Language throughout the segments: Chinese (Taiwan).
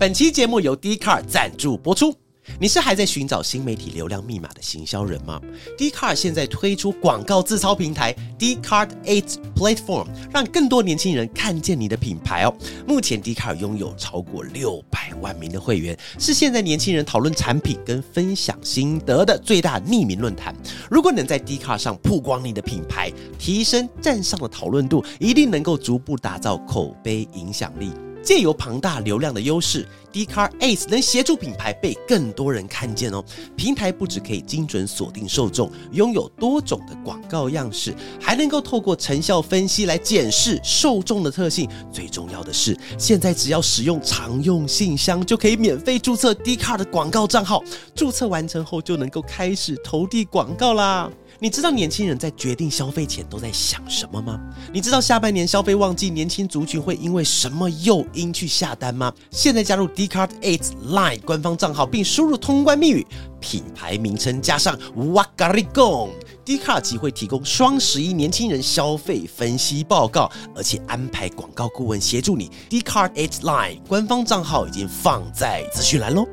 本期節目由 Dcard 贊助播出。你是還在尋找新媒體流量密碼的行銷人嗎？Dcard 現在推出廣告自操平台 Dcard Ads Platform，讓更多年輕人看見你的品牌哦。目前 Dcard 擁有超過六百萬名的會員，是現在年輕人討論產品跟分享心得的最大匿名論壇。如果能在 Dcard 上曝光你的品牌，提升站上的討論度，一定能夠逐步打造口碑影響力。借由龐大流量的優勢 Dcard Ads 能協助品牌被更多人看見哦。平台不只可以精準鎖定受眾，擁有多種的廣告樣式，還能夠透過成效分析來檢視受眾的特性。最重要的是，現在只要使用常用信箱，就可以免費註冊 Dcard 的廣告賬號。註冊完成後，就能夠開始投遞廣告啦。你知道年輕人在決定消費前都在想什麼嗎？你知道下半年消費旺季，年輕族群會因為什麼誘？應去下單嗎？現在加入 Dcard Ads LINE 官方賬號，並輸入通關密語，品牌名稱加上 WA 嘎哩供。Dcard 即會提供雙十一年輕人消費分析報告，而且安排廣告顧問協助你。Dcard Ads LINE 官方賬號已經放在資訊欄嘍。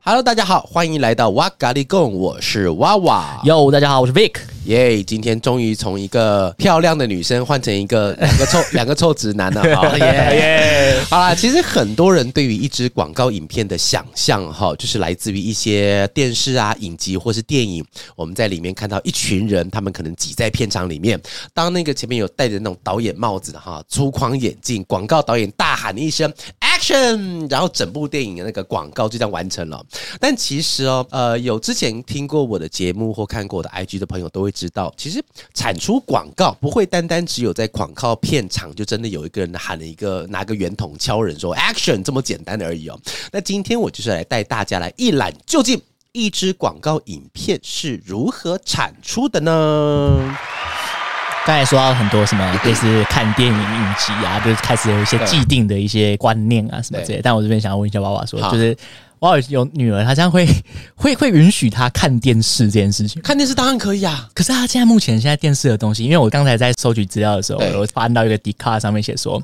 Hello，大家好，歡迎來到 WA 嘎哩供，我是 Wawa。y 喲，大家好，我是 Vic。耶、yeah！今天終於從一個漂亮的女生換成一個兩個臭 兩個臭直男了哈！耶！耶。好啦，其實很多人對於一支廣告影片的想象哈，就是來自於一些電視啊、影集或是電影，我們在裡面看到一群人，他們可能擠在片場裡面，當那個前面有戴着那種導演帽子的哈粗框眼鏡廣告導演大喊一聲 “action”，然後整部電影的那個廣告就這樣完成了。但其實哦，呃，有之前聽過我的節目或看過我的 IG 的朋友都會知道，其實產出廣告不會單單只有在廣告片場，就真的有一個人喊了一個拿個圓筒敲人說 “action” 這麼簡單而已哦。那今天我就是來帶大家來一覽究竟一支廣告影片是如何產出的呢？剛才說到很多什麼，就是看電影影集啊，就是開始有一些既定的一些觀念啊什麼之類的。但我這邊想要問一下娃娃說，就是娃娃有女兒，她這樣會會會允許她看電視這件事情？看電視當然可以啊，可是她現在目前現在電視的東西，因為我剛才在蒐集資料的時候，我翻到一個 Dcard 上面寫說，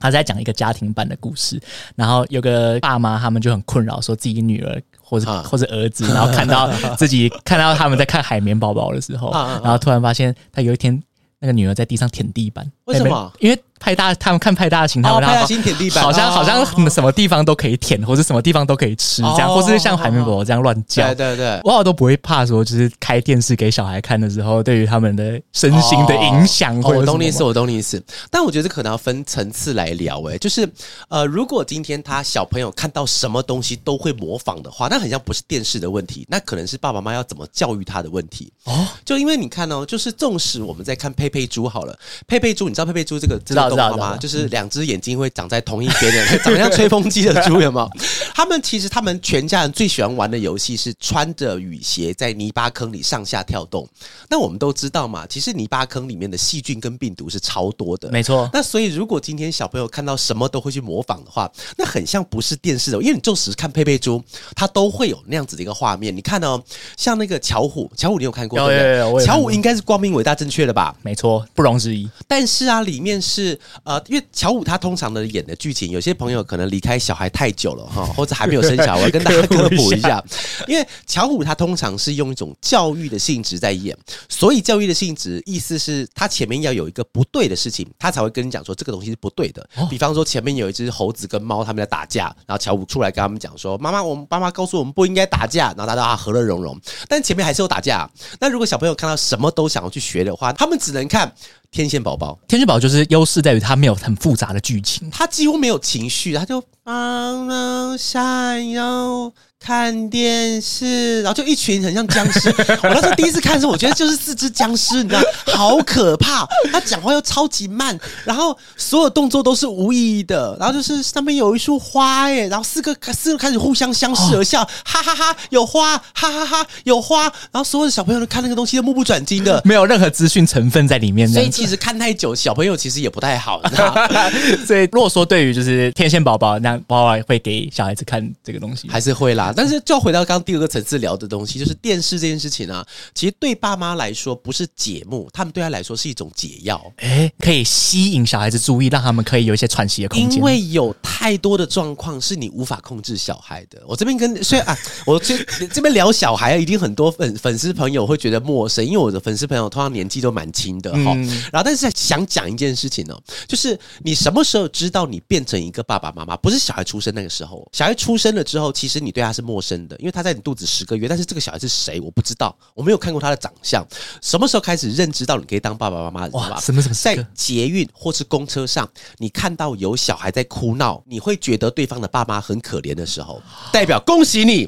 她在講一個家庭版的故事，然後有個爸媽他們就很困擾，說自己女兒或者或者兒子，然後看到自己 看到他們在看海綿寶寶的時候啊啊，然後突然發現他有一天。那個女兒在地上舔地板，為什麼？因為派大他們看派大星他們，然後金舔地板，好像，哦、好像什麼地方都可以舔，哦、或者什麼地方都可以吃，這樣、哦，或是像海綿寶寶這樣亂叫。對對對，我我都不會怕，說就是開電視給小孩看的時候，對於他們的身心的影響，哦哦，我懂你意思，我懂你意思。但我覺得這可能要分層次來聊，欸，哎，就是呃，如果今天他小朋友看到什麼東西都會模仿的話，那很像不是電視的問題，那可能是爸爸媽媽要怎麼教育他的問題哦。就因為你看哦，就是縱使我們在看佩佩豬好了，佩佩豬，你知道佩佩豬這個知道。這個知道嗎？就是兩隻眼睛會長在同一邊的， 長得像吹風機的豬有沒有？ 他們其實，他們全家人最喜歡玩的遊戲是穿着雨鞋在泥巴坑裡上下跳動。那我們都知道嘛，其實泥巴坑裡面的細菌跟病毒是超多的。沒錯。那所以，如果今天小朋友看到什麼都會去模仿的話，那很像不是電視的，因為你縱使看《佩佩豬》，它都會有那樣子的一個畫面。你看哦，像那個巧虎，巧虎你有看過？對有有，有，有有。巧虎應該是光明、偉大、正確的吧？沒錯，不容置疑。但是啊，裡面是呃，因為巧虎他通常的演的劇情，有些朋友可能離開小孩太久了哈。齁 子還沒有生小孩，跟大家科普一下， 一下因為巧虎它通常是用一種教育的性質在演，所以教育的性質意思是，他前面要有一個不對的事情，他才會跟你講說這個東西是不對的。哦、比方說前面有一隻猴子跟貓他們在打架，然後巧虎出來跟他們講說：“媽媽，我們爸媽告訴我們不應該打架。”然後大家啊和樂融融，但前面還是有打架。那如果小朋友看到什麼都想要去學的話，他們只能看。天線寶寶，天線寶寶就是優勢在於它沒有很複雜的劇情，它、嗯、幾乎沒有情緒，它就昂昂閃耀。啊啊啊啊啊啊啊看電視，然後就一群很像僵屍。我那時候第一次看的時候，我覺得就是四隻僵屍，你知道，好可怕。他講話又超級慢，然後所有動作都是無意義的。然後就是上面有一束花，欸，耶，然後四個四個開始互相相視而笑，哦，哈，哈哈哈，有花，哈，哈哈哈，有花。然後所有的小朋友都看那個東西都目不轉睛的，沒有任何資訊成分在裡面。所以其實看太久，小朋友其實也不太好。你知道 所以若說對於就是天線寶寶，那爸爸會給小孩子看這個東西，還是會啦。但是，就回到剛剛第二個層次聊的東西，就是電視這件事情啊，其實對爸媽來說不是節目，他們對他來說是一種解藥，哎，可以吸引小孩子注意，讓他們可以有一些喘息的空間。因為有太多的狀況是你無法控制小孩的。我這邊跟雖然啊，我這這邊聊小孩啊，一定很多粉 粉絲朋友會覺得陌生，因為我的粉絲朋友通常年紀都蠻輕的哈、哦嗯。然後，但是想講一件事情呢、哦，就是你什麼時候知道你變成一個爸爸媽媽？不是小孩出生那個時候，小孩出生了之後，其實你對他是。陌生的，因為他在你肚子十個月，但是這個小孩是誰我不知道，我沒有看過他的長相。什麼時候開始認知到你可以當爸爸媽媽的吧？什麼什麼？在捷運或是公車上，你看到有小孩在哭鬧，你會覺得對方的爸媽很可憐的時候，代表恭喜你。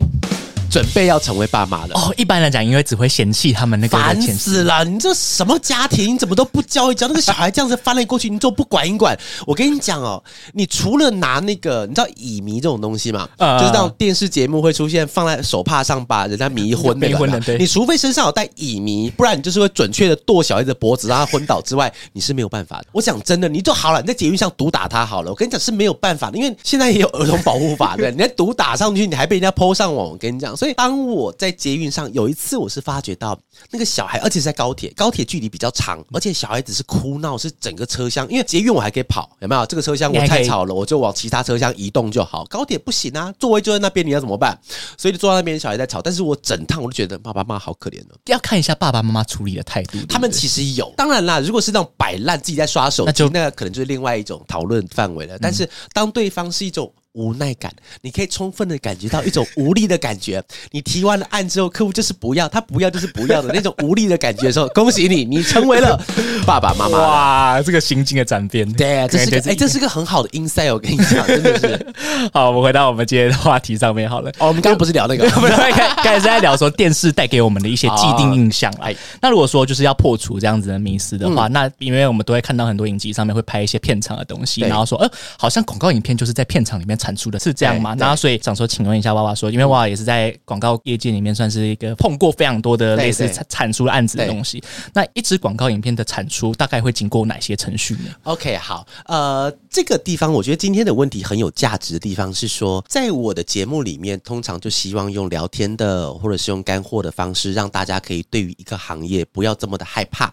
準備要成為爸媽的哦。一般來講，因為只會嫌棄他們那個煩死了！你這什麼家庭？你怎麼都不教一教 那個小孩？這樣子翻來過去，你都不管一管。我跟你講哦，你除了拿那個你知道乙醚這種東西嘛、呃，就是那種電視節目會出現放在手帕上把人家迷昏的迷昏，對。你除非身上有帶乙醚，不然你就是會準確的剁小孩子脖子讓他昏倒之外， 你是沒有辦法的。我講真的，你就好了，你在捷運上毒打他好了。我跟你講是沒有辦法的，因為現在也有兒童保護法，對。你在毒打上去，你還被人家潑上網，我跟你講。所以，當我在捷運上，有一次我是發覺到那個小孩，而且是在高鐵，高鐵距離比較長，而且小孩子是哭鬧，是整個車廂。因為捷運我還可以跑，有沒有？這個車廂我太吵了，我就往其他車廂移動就好。高鐵不行啊，座位就在那邊，你要怎麼辦？所以坐在那邊，小孩在吵，但是我整趟我都覺得爸爸媽媽好可憐哦。要看一下爸爸媽媽處理的態度。對對，他們其實有。當然啦，如果是那種擺爛自己在刷手機，那就那個，可能就是另外一種討論範圍了。但是當對方是一種。無奈感，你可以充分的感覺到一種無力的感覺。你提完了案之後，客戶就是不要，他不要就是不要的那種無力的感覺的時候，恭喜你，你成為了爸爸媽媽。哇，這個心境的轉變，對、啊，這是哎、欸，這是個很好的 insight，我跟你講，真的是。 好，我們回到我們今天的話題上面好了。哦，我們剛剛不是聊那個，我們剛剛開始在聊說電視帶給我們的一些既定印象。哎、哦，那如果說就是要破除這樣子的迷思的話、嗯，那因為我們都會看到很多影集上面會拍一些片場的東西，然後說，呃，好像廣告影片就是在片場裡面。產出的，是這樣嗎？然後所以想說，請問一下，娃娃說，因為娃娃也是在廣告業界裡面算是一個碰過非常多的類似產出的案子的東西。那一支廣告影片的產出大概會經過哪些程序呢？OK，好，呃，這個地方我覺得今天的問題很有價值的地方是說，在我的節目裡面，通常就希望用聊天的或者是用乾貨的方式，讓大家可以對於一個行業不要這麼的害怕，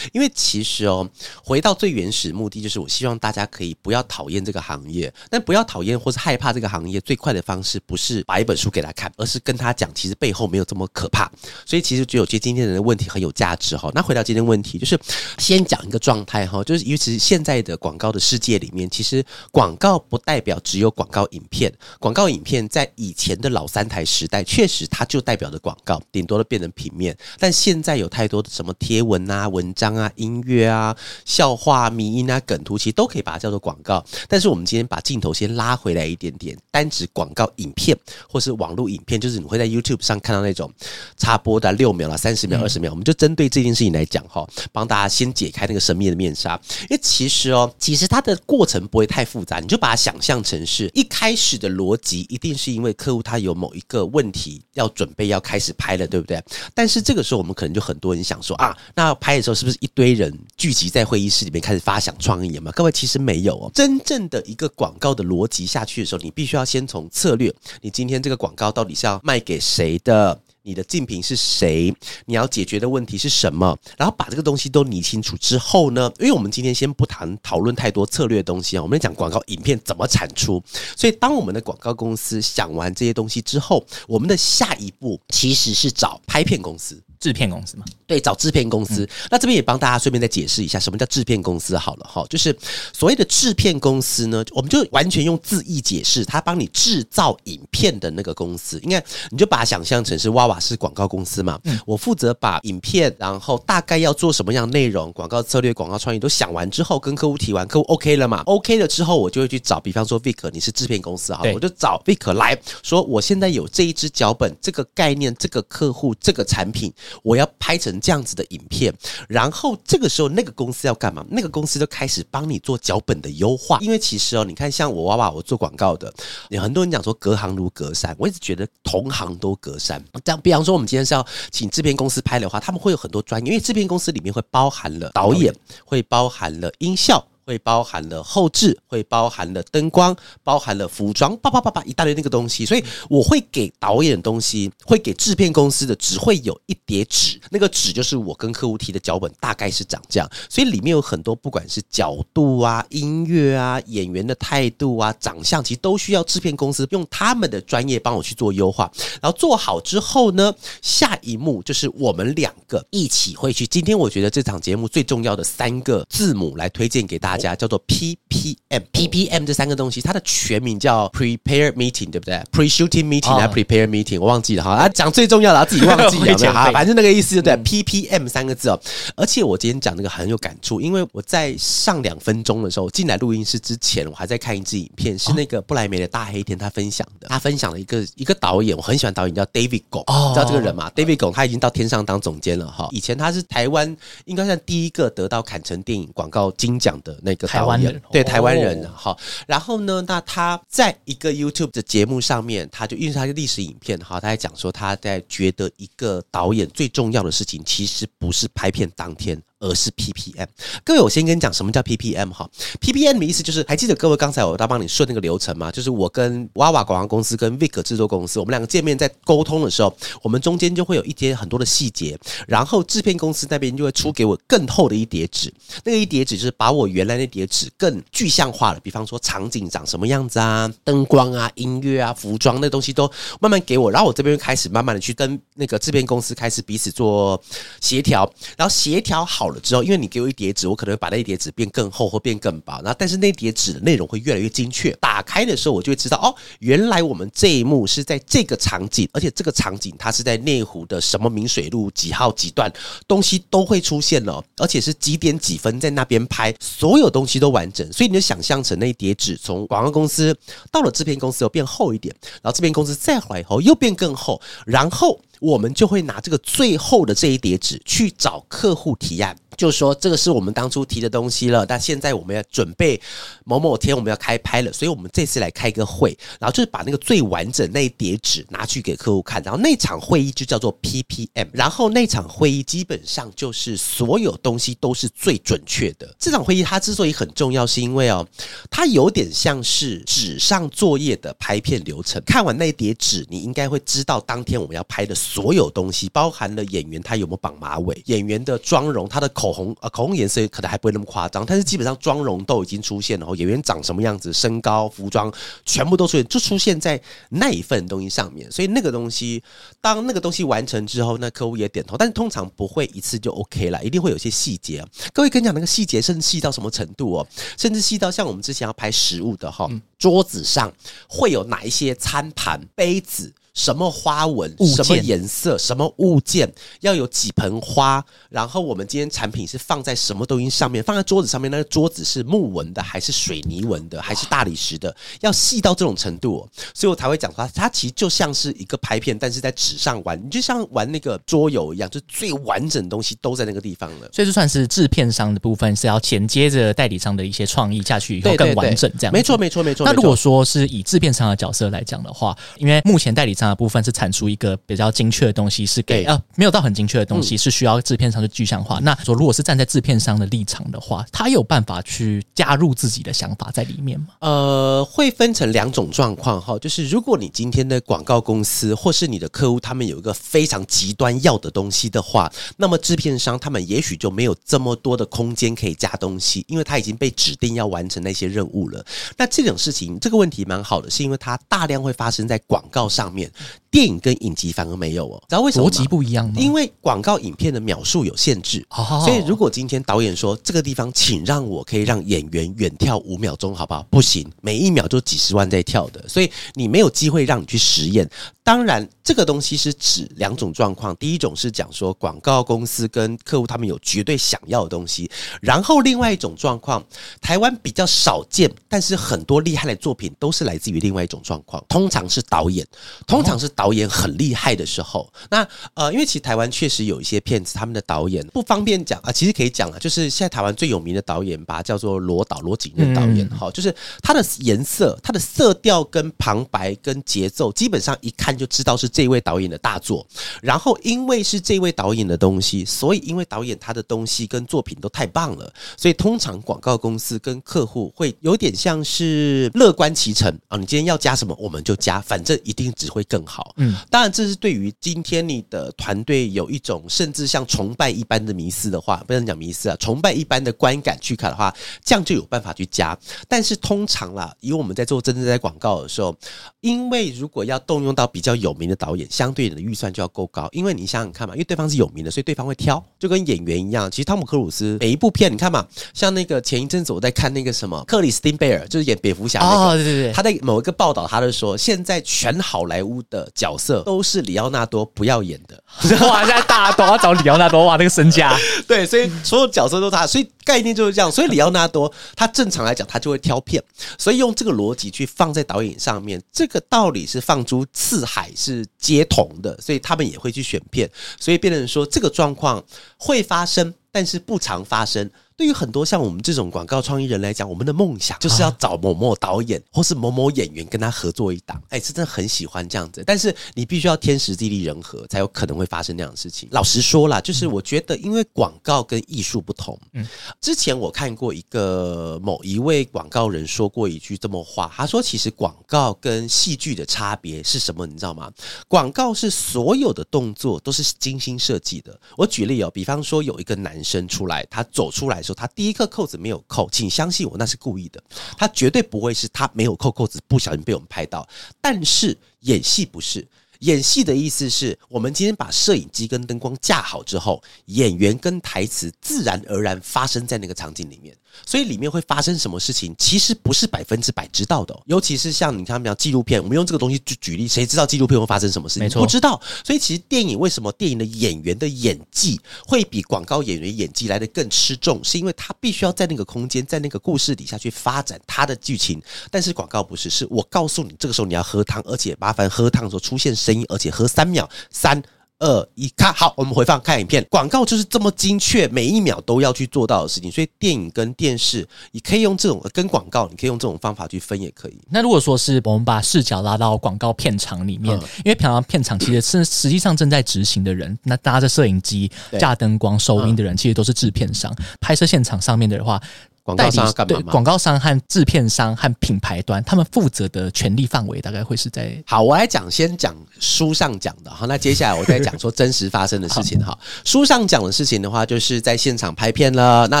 因為其實哦，回到最原始目的就是，我希望大家可以不要討厭這個行業，但不要討厭或是。害怕這個行業最快的方式不是把一本書給他看，而是跟他講，其實背後沒有這麼可怕。所以其實我覺得今天的問題很有價值哈。那回到今天問題，就是先講一個狀態哈，就是尤其是現在的廣告的世界裡面，其實廣告不代表只有廣告影片。廣告影片在以前的老三台時代，確實它就代表着廣告，頂多都變成平面。但現在有太多的什麼貼文啊、文章啊、音樂啊、笑話啊、迷因啊、梗圖，其實都可以把它叫做廣告。但是我們今天把鏡頭先拉回來。一點點單指廣告影片或是網絡影片，就是你會在 YouTube 上看到那種插播的啊、六秒啦、三十秒、二十秒、嗯。我們就針對這件事情來講哈，幫大家先解開那個神秘的面紗。因為其實哦、喔，其實它的過程不會太複雜，你就把它想象成是一開始的邏輯，一定是因為客戶他有某一個問題要準備要開始拍了，對不對？但是這個時候我們可能就很多人想說啊，那拍的時候是不是一堆人聚集在會議室裡面開始發想創意嘛？各位其實沒有、喔，真正的一個廣告的邏輯下去。去的時候，你必須要先從策略。你今天這個廣告到底是要賣給誰的？你的競品是誰？你要解決的問題是什麼？然後把這個東西都理清楚之後呢，因為我們今天先不談討論太多策略的東西啊，我們講廣告影片怎麼產出。所以，當我們的廣告公司想完這些東西之後，我們的下一步其實是找拍片公司。製片公司嘛，對，找製片公司。嗯、那這邊也幫大家順便再解釋一下，什麼叫製片公司好了哈，就是所謂的製片公司呢，我們就完全用字意解釋，它幫你製造影片的那個公司。應該你就把它想象成是哇哇是廣告公司嘛，嗯、我負責把影片，然後大概要做什麼樣內容、廣告策略、廣告創意都想完之後，跟客戶提完，客戶 OK 了嘛？OK 了之後，我就會去找，比方說 Vic，你是製片公司哈，我就找 Vic 來說，我現在有這一支腳本，這個概念，這個客戶，這個產品。我要拍成這樣子的影片，然後這個時候那個公司要幹嘛？那個公司就開始幫你做腳本的優化。因為其實哦，你看像我娃娃，我做廣告的，有很多人講說隔行如隔山，我一直覺得同行都隔山。這樣，比方說，我們今天是要請製片公司拍的話，他們會有很多專業，因為製片公司裡面會包含了導演，導演會包含了音效，會包含了後製，會包含了燈光，包含了服裝，叭叭叭叭一大堆那個東西，所以我會給導演的東西，會給製片公司的，只會有一疊紙，那個紙就是我跟客戶提的腳本，大概是長這樣。所以裡面有很多，不管是角度啊、音樂啊、演員的態度啊、長相，其實都需要製片公司用他們的專業幫我去做優化。然後做好之後呢，下一幕就是我們兩個一起會去。今天我覺得這場節目最重要的三個字母，來推薦給大家。家叫做 P P M P P M 這三個東西，它的全名叫 Prepare Meeting，對不對？Pre-shooting Meeting 啊、oh.，Prepare Meeting，我忘記了哈。啊，講最重要的、啊，自己忘記了。沒 反正那個意思就對。嗯、P P M 三個字哦。而且我今天講那個很有感觸，因為我在上兩分鐘的時候進來錄音室之前，我還在看一支影片，是那個布萊梅的大黑天他分享的。Oh. 他分享了一個一個導演，我很喜歡導演叫 David Go，、oh. 知道這個人嗎、oh.？David Go，他已經到天上當總監了哈。以前他是台灣應該算第一個得到坎城電影廣告金獎的。那個台灣人，對、哦、台灣人，好。然後呢，那他在一個 YouTube 的節目上面，他就因為他是歷史影片，哈，他在講說他在覺得一個導演最重要的事情，其實不是拍片當天。而是 PPM，各位，我先跟你講什麼叫 PPM 哈。PPM 的意思就是，還記得各位剛才我在幫你順那個流程嗎？就是我跟娃娃廣告公司跟 Vick 制作公司，我們兩個見面在溝通的時候，我們中間就會有一些很多的細節，然後制片公司那邊就會出給我更厚的一疊紙，那個一疊紙就是把我原來那疊紙更具象化了，比方說場景長什麼樣子啊，燈光啊，音樂啊，服裝那東西都慢慢給我，然後我這邊就開始慢慢的去跟那個制片公司開始彼此做協調，然後協調好。好了之後，因為你給我一疊紙，我可能會把那一疊紙變更厚或變更薄，然後但是那疊紙的內容會越來越精確。打開的時候，我就會知道哦，原來我們這一幕是在這個場景，而且這個場景它是在內湖的什麼明水路幾號幾段，東西都會出現了，而且是幾點幾分在那邊拍，所有東西都完整。所以你就想象成那一疊紙從廣告公司到了制片公司又變厚一點，然後制片公司再回來以後又變更厚，然後。我們就會拿這個最後的這一疊紙去找客戶提案，就是說這個是我們當初提的東西了。但現在我們要準備某某天我們要開拍了，所以我們這次來開個會，然後就是把那個最完整那一疊紙拿去給客戶看，然後那場會議就叫做 PPM。然後那場會議基本上就是所有東西都是最準確的。這場會議它之所以很重要，是因為哦，它有點像是紙上作業的拍片流程。看完那一疊紙，你應該會知道當天我們要拍的。所有東西包含了演員，他有沒有綁馬尾？演員的妝容，他的口紅，呃，口紅顏色可能還不會那麼誇張，但是基本上妝容都已經出現了。哦，演員長什麼樣子，身高、服裝全部都出現，就出現在那一份東西上面。所以那個東西，當那個東西完成之後，那客戶也點頭。但是通常不會一次就 OK 了，一定會有些細節。各位跟你講，那個細節甚至細到什麼程度哦、喔？甚至細到像我們之前要拍食物的哈、喔嗯，桌子上會有哪一些餐盤、杯子。什麼花紋、什麼顏色、什麼物件要有幾盆花？然後我們今天產品是放在什麼東西上面？放在桌子上面，那個桌子是木紋的，還是水泥紋的，還是大理石的？要細到這種程度，哦，所以我才會講說它，它其實就像是一個拍片，但是在紙上玩，你就像玩那個桌遊一樣，就最完整的東西都在那個地方了。所以就算是制片商的部分是要銜接着代理商的一些創意下去以後更完整，這樣。沒錯，沒錯，沒錯。那如果說是以制片商的角色來講的話，因為目前代理商。那部分是產出一個比較精確的東西，是給啊，沒有到很精確的東西，是需要製片商的具象化，嗯。那說如果是站在製片商的立場的話，他有辦法去加入自己的想法在裡面嗎？呃，會分成兩種狀況哈，就是如果你今天的廣告公司或是你的客戶他們有一個非常極端要的東西的話，那麼製片商他們也許就沒有這麼多的空間可以加東西，因為他已經被指定要完成那些任務了。那這種事情，這個問題蠻好的，是因為它大量會發生在廣告上面。電影跟影集反而沒有哦、喔，然後為什麼邏輯不一樣，因為廣告影片的秒數有限制，Oh. 所以如果今天導演說這個地方，請讓我可以讓演員遠跳五秒鐘，好不好？不行，每一秒都幾十萬在跳的，所以你沒有機會讓你去實驗。當然，這個東西是指兩種狀況。第一種是講說廣告公司跟客戶他們有絕對想要的東西，然後另外一種狀況，台灣比較少見，但是很多厲害的作品都是來自於另外一種狀況。通常是導演，通常是導演很厲害的時候。哦、那呃，因為其實台灣確實有一些片子，他們的導演不方便講啊、呃，其實可以講啊，就是現在台灣最有名的導演吧，叫做羅導羅景壬導演，哈、嗯哦，就是他的顏色、他的色調、跟旁白、跟節奏，基本上一看。就知道是這位導演的大作，然後因為是這位導演的東西，所以因為導演他的東西跟作品都太棒了，所以通常廣告公司跟客戶會有點像是樂觀其成啊，你今天要加什麼我們就加，反正一定只會更好。嗯，當然這是對於今天你的團隊有一種甚至像崇拜一般的迷思的話，不能講迷思啊，崇拜一般的觀感去看的話，這樣就有辦法去加。但是通常啦，以我們在做真正在廣告的時候，因為如果要動用到比較比較有名的導演，相對你的預算就要夠高，因為你想想看嘛，因為對方是有名的，所以對方會挑，就跟演員一樣。其實湯姆·克魯斯每一部片，你看嘛，像那個前一陣子我在看那個什麼克里斯汀·貝爾，就是演蝙蝠俠那個、哦，對對對，他在某一個報道，他就說，現在全好萊塢的角色都是里奧納多不要演的。哇，現在大家都要找裡奧納多哇，那個身家， 對，所以所有角色都他，所以概念就是這樣，所以裡奧納多他正常來講他就會挑片，所以用這個邏輯去放在導演上面，這個道理是放諸四。海是接同的，所以他們也會去選片。所以變成說，這個狀況會發生，但是不常發生。對於很多像我們這種廣告創意人來講，我們的夢想就是要找某某導演或是某某演員跟他合作一檔，哎，是真的很喜歡這樣子。但是你必須要天時地利人和，才有可能會發生那樣的事情。老實說啦，就是我覺得，因為廣告跟藝術不同。嗯，之前我看過一個某一位廣告人說過一句這麼話，他說：“其實廣告跟戲劇的差別是什麼？你知道嗎？廣告是所有的動作都是精心設計的。”我舉例哦，比方說有一個男生出來，他走出來。說他第一個扣子，沒有扣，請相信我，那是故意的。他絕對不會是他沒有扣扣子，不小心被我們拍到，但是演戲不是。演戲的意思是我們今天把攝影機跟燈光架好之後，演員跟台詞自然而然發生在那個場景裡面，所以裡面會發生什麼事情，其實不是百分之百知道的哦。尤其是像你看，比如紀錄片，我們用這個東西舉舉例，誰知道紀錄片會發生什麼事情？沒錯，不知道。所以其實電影為什麼電影的演員的演技會比廣告演員演技來得更吃重，是因為他必須要在那個空間，在那個故事底下去發展他的劇情。但是廣告不是，是我告訴你，這個時候你要喝湯，而且麻煩喝湯的時候出現。聲音，而且合三秒，三二一，卡，好，我們回放看影片。廣告就是這麼精確，每一秒都要去做到的事情。所以電影跟電視，你可以用這種跟廣告，你可以用這種方法去分，也可以。那如果說是我們把視角拉到廣告片場裡面，嗯、因為平常片場其實是實際上正在執行的人，那搭着攝影機、架燈光、收音的人，其實都是制片商、嗯。拍攝現場上面的人的話。廣告商幹嘛？廣告商和製片商和品牌端，他們負責的權力範圍大概會是在。好，我來講，先講書上講的哈。那接下來我再講說真實發生的事情哈。 書上講的事情的話，就是在現場拍片了。那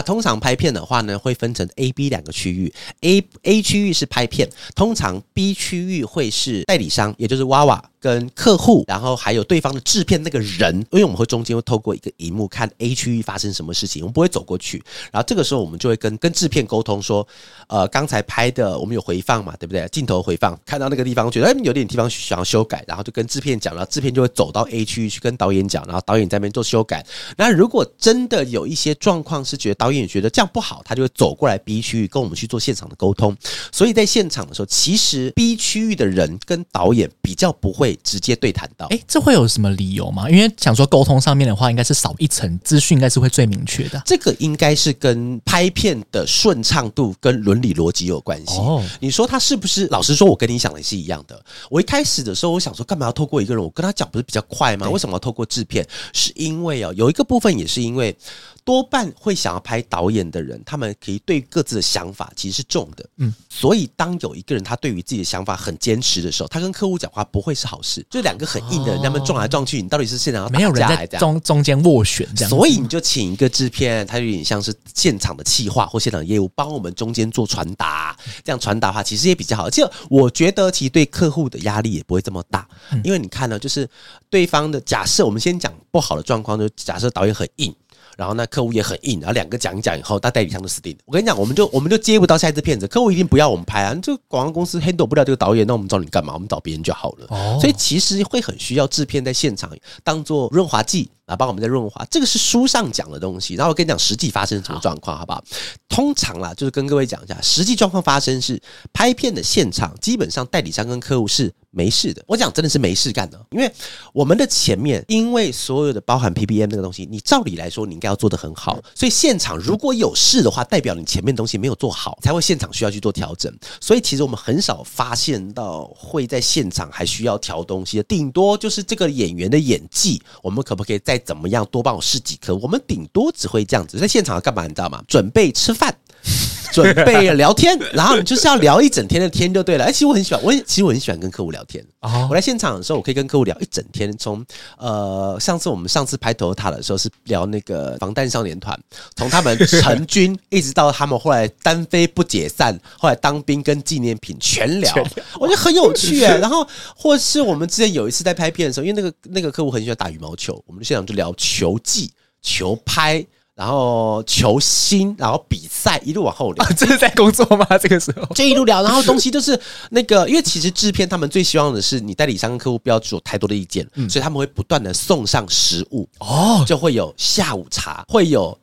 通常拍片的話呢，會分成 A、B 兩個區域。A A 區域是拍片，通常 B 區域會是代理商，也就是娃娃。跟客戶，然後還有對方的製片那個人，因為我們會中間會透過一個熒幕看 A 區域發生什麼事情，我們不會走過去。然後這個時候，我們就會跟跟製片溝通說，呃，剛才拍的我們有回放嘛，對不對？鏡頭回放看到那個地方，覺得，哎，有點地方想要修改，然後就跟製片講，然後製片就會走到 A 區域去跟導演講，然後導演在那邊做修改。那如果真的有一些狀況是覺得導演覺得這樣不好，他就會走過來 B 區域跟我們去做現場的溝通。所以在現場的時候，其實 B 區域的人跟導演比較不會，直接對談到，哎、欸，這會有什麼理由嗎？因為想說溝通上面的話，應該是少一層資訊，應該是會最明確的。這個應該是跟拍片的順暢度跟倫理邏輯有關係。哦，你說他是不是？老實說，我跟你講的是一樣的。我一開始的時候，我想說，幹嘛要透過一個人？我跟他講不是比較快嗎？為什麼要透過製片？是因為哦，有一個部分也是因為。多半會想要拍導演的人，他們可以對各自的想法其實是重的。嗯，所以當有一個人他對於自己的想法很堅持的時候，他跟客戶講話不會是好事。就兩個很硬的人，他、哦、們撞來撞去，你到底是現場還是沒有人在中中間斡旋這樣子，所以你就請一個制片，他有點像是現場的企劃或現場的業務，幫我們中間做傳達。這樣傳達的話其實也比較好，而且我覺得其實對客戶的壓力也不會這麼大，嗯、因為你看呢，就是對方的假設，我們先講不好的狀況，就假設導演很硬。然後那客戶也很硬，然後兩個講一講以後，他代理商都死定了。我跟你講，我們就我們就接不到下一支片子，客戶一定不要我們拍啊！就廣告公司 handle 不了這個導演，那我們找你幹嘛？我們找別人就好了。哦。所以其實會很需要制片在現場當做潤滑劑。啊，幫我們再潤滑，這個是書上講的東西。然後我跟你講實際發生什麼狀況，好不好？通常啦，就是跟各位講一下實際狀況發生是拍片的現場，基本上代理商跟客戶是沒事的。我講真的是沒事幹的，因為我們的前面，因為所有的包含 PPM 那個東西，你照理來說你應該要做得很好。所以現場如果有事的話，代表你前面東西沒有做好，才會現場需要去做調整。所以其實我們很少發現到會在現場還需要調東西的，頂多就是這個演員的演技，我們可不可以再？怎麼樣？多幫我試幾顆，我們頂多只會這樣子。在現場要幹嘛？你知道嗎？準備吃飯。準備了聊天，然後你就是要聊一整天的天就對了。哎、欸，其實我很喜歡，我也其實我很喜歡跟客戶聊天哦，oh. 我來現場的時候，我可以跟客戶聊一整天，從呃上次我們上次拍《投塔》的時候是聊那個防彈少年團，從他們成軍一直到他們後來單飛不解散，後來當兵跟紀念品全聊，我覺得很有趣、欸。然後或是我們之前有一次在拍片的時候，因為那個那個客戶很喜歡打羽毛球，我們現場就聊球技、球拍。然後球星，然後比賽一路往後聊、啊，這是在工作嗎？這個時候就一路聊，然後東西就是 那個，因為其實製片他們最希望的是你代理商跟客戶不要有太多的意見、嗯，所以他們會不斷的送上食物哦，就會有下午茶，會有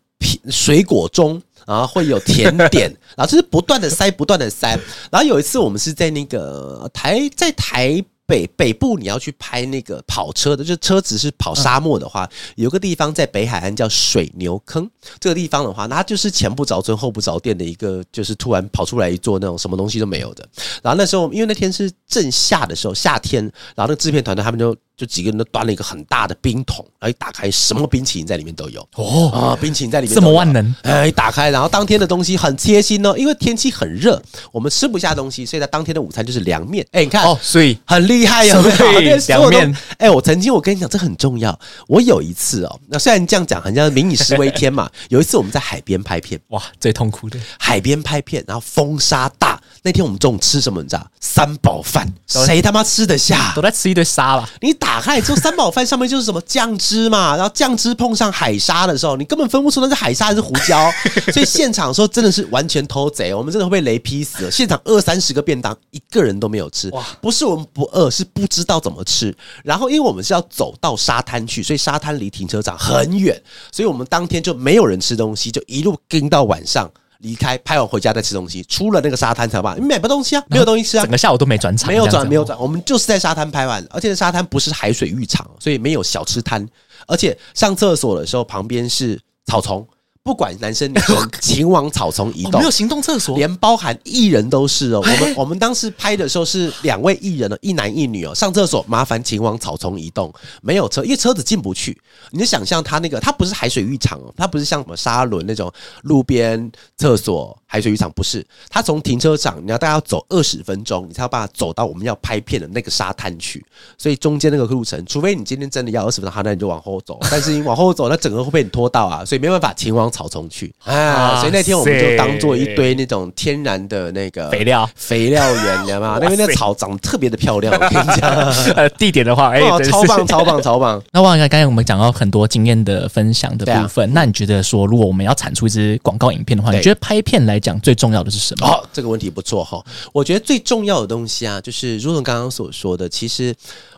水果盅，然後會有甜點， 然後就是不斷的塞，不斷的塞。 然後有一次我們是在那個台，在台北。北北部你要去拍那個跑車的，就車子是跑沙漠的話，有個地方在北海岸叫水牛坑，這個地方的話，它就是前不着村後不着店的一個，就是突然跑出來一座那種什麼東西都沒有的。然後那時候因為那天是正夏的時候，夏天，然後那製片團隊他們就。就幾個人都端了一個很大的冰桶，然後一打開，什麼冰淇淋在裡面都有哦啊、呃，冰淇淋在裡面，這麼萬能？哎、呃，一打開，然後當天的東西很貼心哦，因為天氣很熱，我們吃不下東西，所以在當天的午餐就是涼麵。哎、欸，你看哦，所以很厲害哦，涼麵，涼麵、哦。哎、欸，我曾經我跟你講，這很重要。我有一次哦，那雖然這樣講，好像民以食為天嘛。 有一次我們在海邊拍片，哇，最痛苦的海邊拍片，然後風沙大。那天我們中午吃什麼？你知道，三寶飯，誰他媽吃得下，嗯？都在吃一堆沙啦。你打開之後，三寶飯上面就是什麼醬汁嘛，然後醬汁碰上海沙的時候，你根本分不出那是海沙還是胡椒。 所以現場的時候真的是完全偷賊，我們真的會被雷劈死。現場二三十個便當，一個人都沒有吃。不是我們不餓，是不知道怎麼吃。然後，因為我們是要走到沙灘去，所以沙灘離停車場很遠，所以我們當天就沒有人吃東西，就一路跟到晚上。離開拍完回家再吃東西，出了那個沙灘才好吧，你買不東西啊，沒有東西吃啊，整個下午都沒轉場，沒有轉，沒有轉，我們就是在沙灘拍完，而且沙灘不是海水浴場，所以沒有小吃攤，而且上廁所的時候旁邊是草叢。不管男生女生，請往草叢移動、 哦。沒有行動廁所，連包含藝人都是哦、喔欸。我們我們當時拍的時候是兩位藝人哦、喔，一男一女哦、喔。上廁所麻煩，請往草叢移動。沒有車，因為車子進不去。你就想象他那個，他不是海水浴場哦、喔，他不是像什麼沙輪那種路邊廁所。海水浴場不是，他從停車場你要大概要走二十分鐘，你才有辦法走到我們要拍片的那個沙灘去。所以中間那個路程，除非你今天真的要二十分鐘，哈，那你就往後走。但是你往後走， 那整個會被你拖到啊，所以沒辦法，請往。草叢去啊，啊，所以那天我們就當做一堆那種天然的那個肥料肥料園。你知道嗎？因為那邊的草長得特別的漂亮，我跟你講。呃， 地點的話，哎、哦，欸、超棒超棒，超棒，超棒。那忘了剛才我們講到很多經驗的分享的部分、啊，那你覺得說，如果我們要產出一支廣告影片的話，你覺得拍片來講最重要的是什麼？哦、這個問題不錯哈，我覺得最重要的東西啊，就是如同剛剛所說的，其實。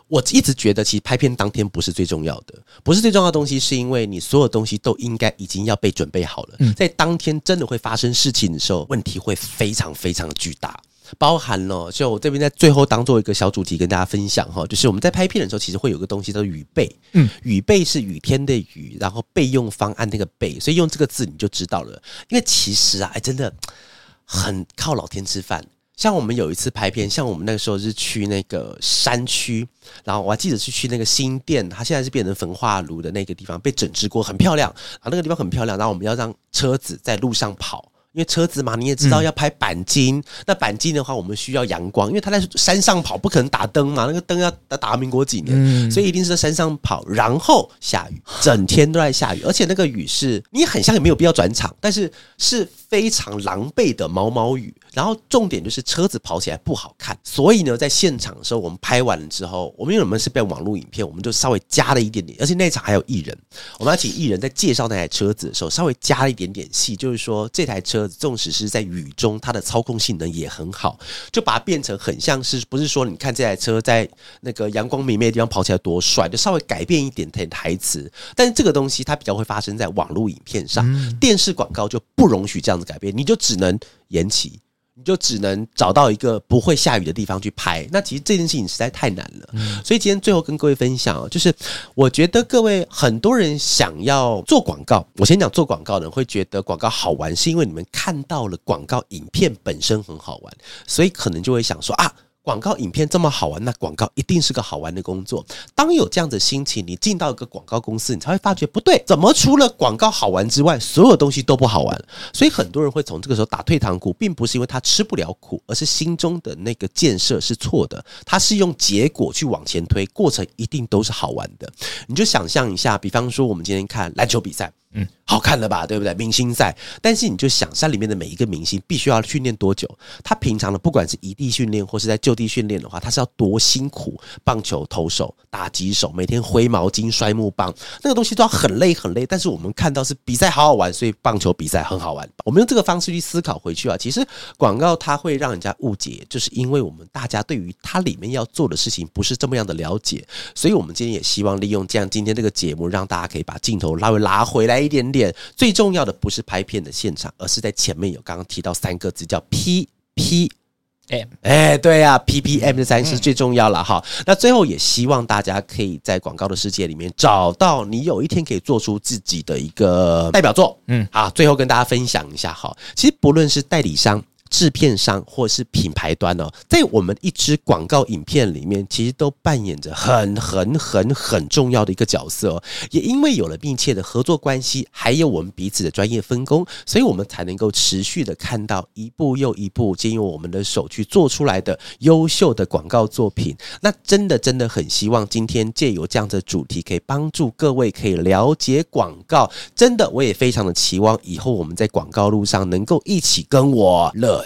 我一直覺得，其實拍片當天不是最重要的，不是最重要的東西，是因為你所有東西都應該已經要被準備好了。在當天真的會發生事情的時候，問題會非常非常巨大，包含了。就我這邊在最後當做一個小主題跟大家分享哈，就是我們在拍片的時候，其實會有一個東西叫雨備。嗯，雨備是雨天的雨，然後備用方案那個備，所以用這個字你就知道了。因為其實啊，哎，真的很靠老天吃飯。像我們有一次拍片，像我們那個時候是去那個山區，然後我還記得是去那個新店，它現在是變成焚化爐的那個地方，被整治過，很漂亮。然後那個地方很漂亮，然後我們要讓車子在路上跑，因為車子嘛，你也知道要拍板金、嗯，那板金的話我們需要陽光，因為它在山上跑不可能打燈嘛，那個燈要打到民國幾年、嗯，所以一定是在山上跑，然後下雨，整天都在下雨，而且那個雨是你很像也沒有必要轉場，但是是。非常狼狽的毛毛雨，然後重點就是車子跑起來不好看。所以呢，在現場的時候，我們拍完了之後，我們因為我們是被網絡影片，我們就稍微加了一點點。而且那場還有藝人，我們要請藝人，在介紹那台車子的時候，稍微加了一點點戲，就是說這台車子縱使是在雨中，它的操控性能也很好，就把它變成很像是不是說你看這台車在那個陽光明媚的地方跑起來多帥，就稍微改變一點點台詞。但是這個東西它比較會發生在網絡影片上，嗯、電視廣告就不容許這樣子。改變你就只能延期，你就只能找到一個不會下雨的地方去拍。那其實這件事情實在太難了，所以今天最後跟各位分享，就是我覺得各位很多人想要做廣告，我先講做廣告的人會覺得廣告好玩，是因為你們看到了廣告影片本身很好玩，所以可能就會想說啊。廣告影片這麼好玩，那廣告一定是個好玩的工作。當有這樣的心情，你進到一個廣告公司，你才會發覺不對，怎麼除了廣告好玩之外，所有東西都不好玩？所以很多人會從這個時候打退堂鼓，並不是因為他吃不了苦，而是心中的那個建設是錯的。他是用結果去往前推，過程一定都是好玩的。你就想象一下，比方說我們今天看籃球比賽。嗯，好看的吧，對不對？明星賽，但是你就想，像裡面的每一個明星必須要訓練多久？他平常的，不管是移地訓練或是在就地訓練的話，他是要多辛苦？棒球投手打擊手，每天揮毛巾、摔木棒，那個東西都要很累很累。但是我們看到是比賽好好玩，所以棒球比賽很好玩。我們用這個方式去思考回去啊，其實廣告，它會讓人家誤解，就是因為我們大家對於它裡面要做的事情不是這麼樣的了解，所以我們今天也希望利用這樣，今天這個節目，讓大家可以把鏡頭拉回拉回來。一點點，最重要的不是拍片的現場，而是在前面有剛剛提到三個字叫 P P M。哎、欸，對啊 P P M 的三是最重要了哈、嗯。那最後也希望大家可以在廣告的世界裡面找到你有一天可以做出自己的一個代表作。嗯，啊，最後跟大家分享一下哈。其實不論是代理商。制片商或是品牌端哦，在我們一支廣告影片裡面，其實都扮演着很很很很重要的一個角色哦。也因為有了密切的合作關係，還有我們彼此的專業分工，所以我們才能夠持續的看到一部又一部，借由我們的手去做出來的優秀的廣告作品。那真的真的很希望今天借由這樣的主題，可以幫助各位可以了解廣告。真的，我也非常的期望以後我們在廣告路上能夠一起跟我樂。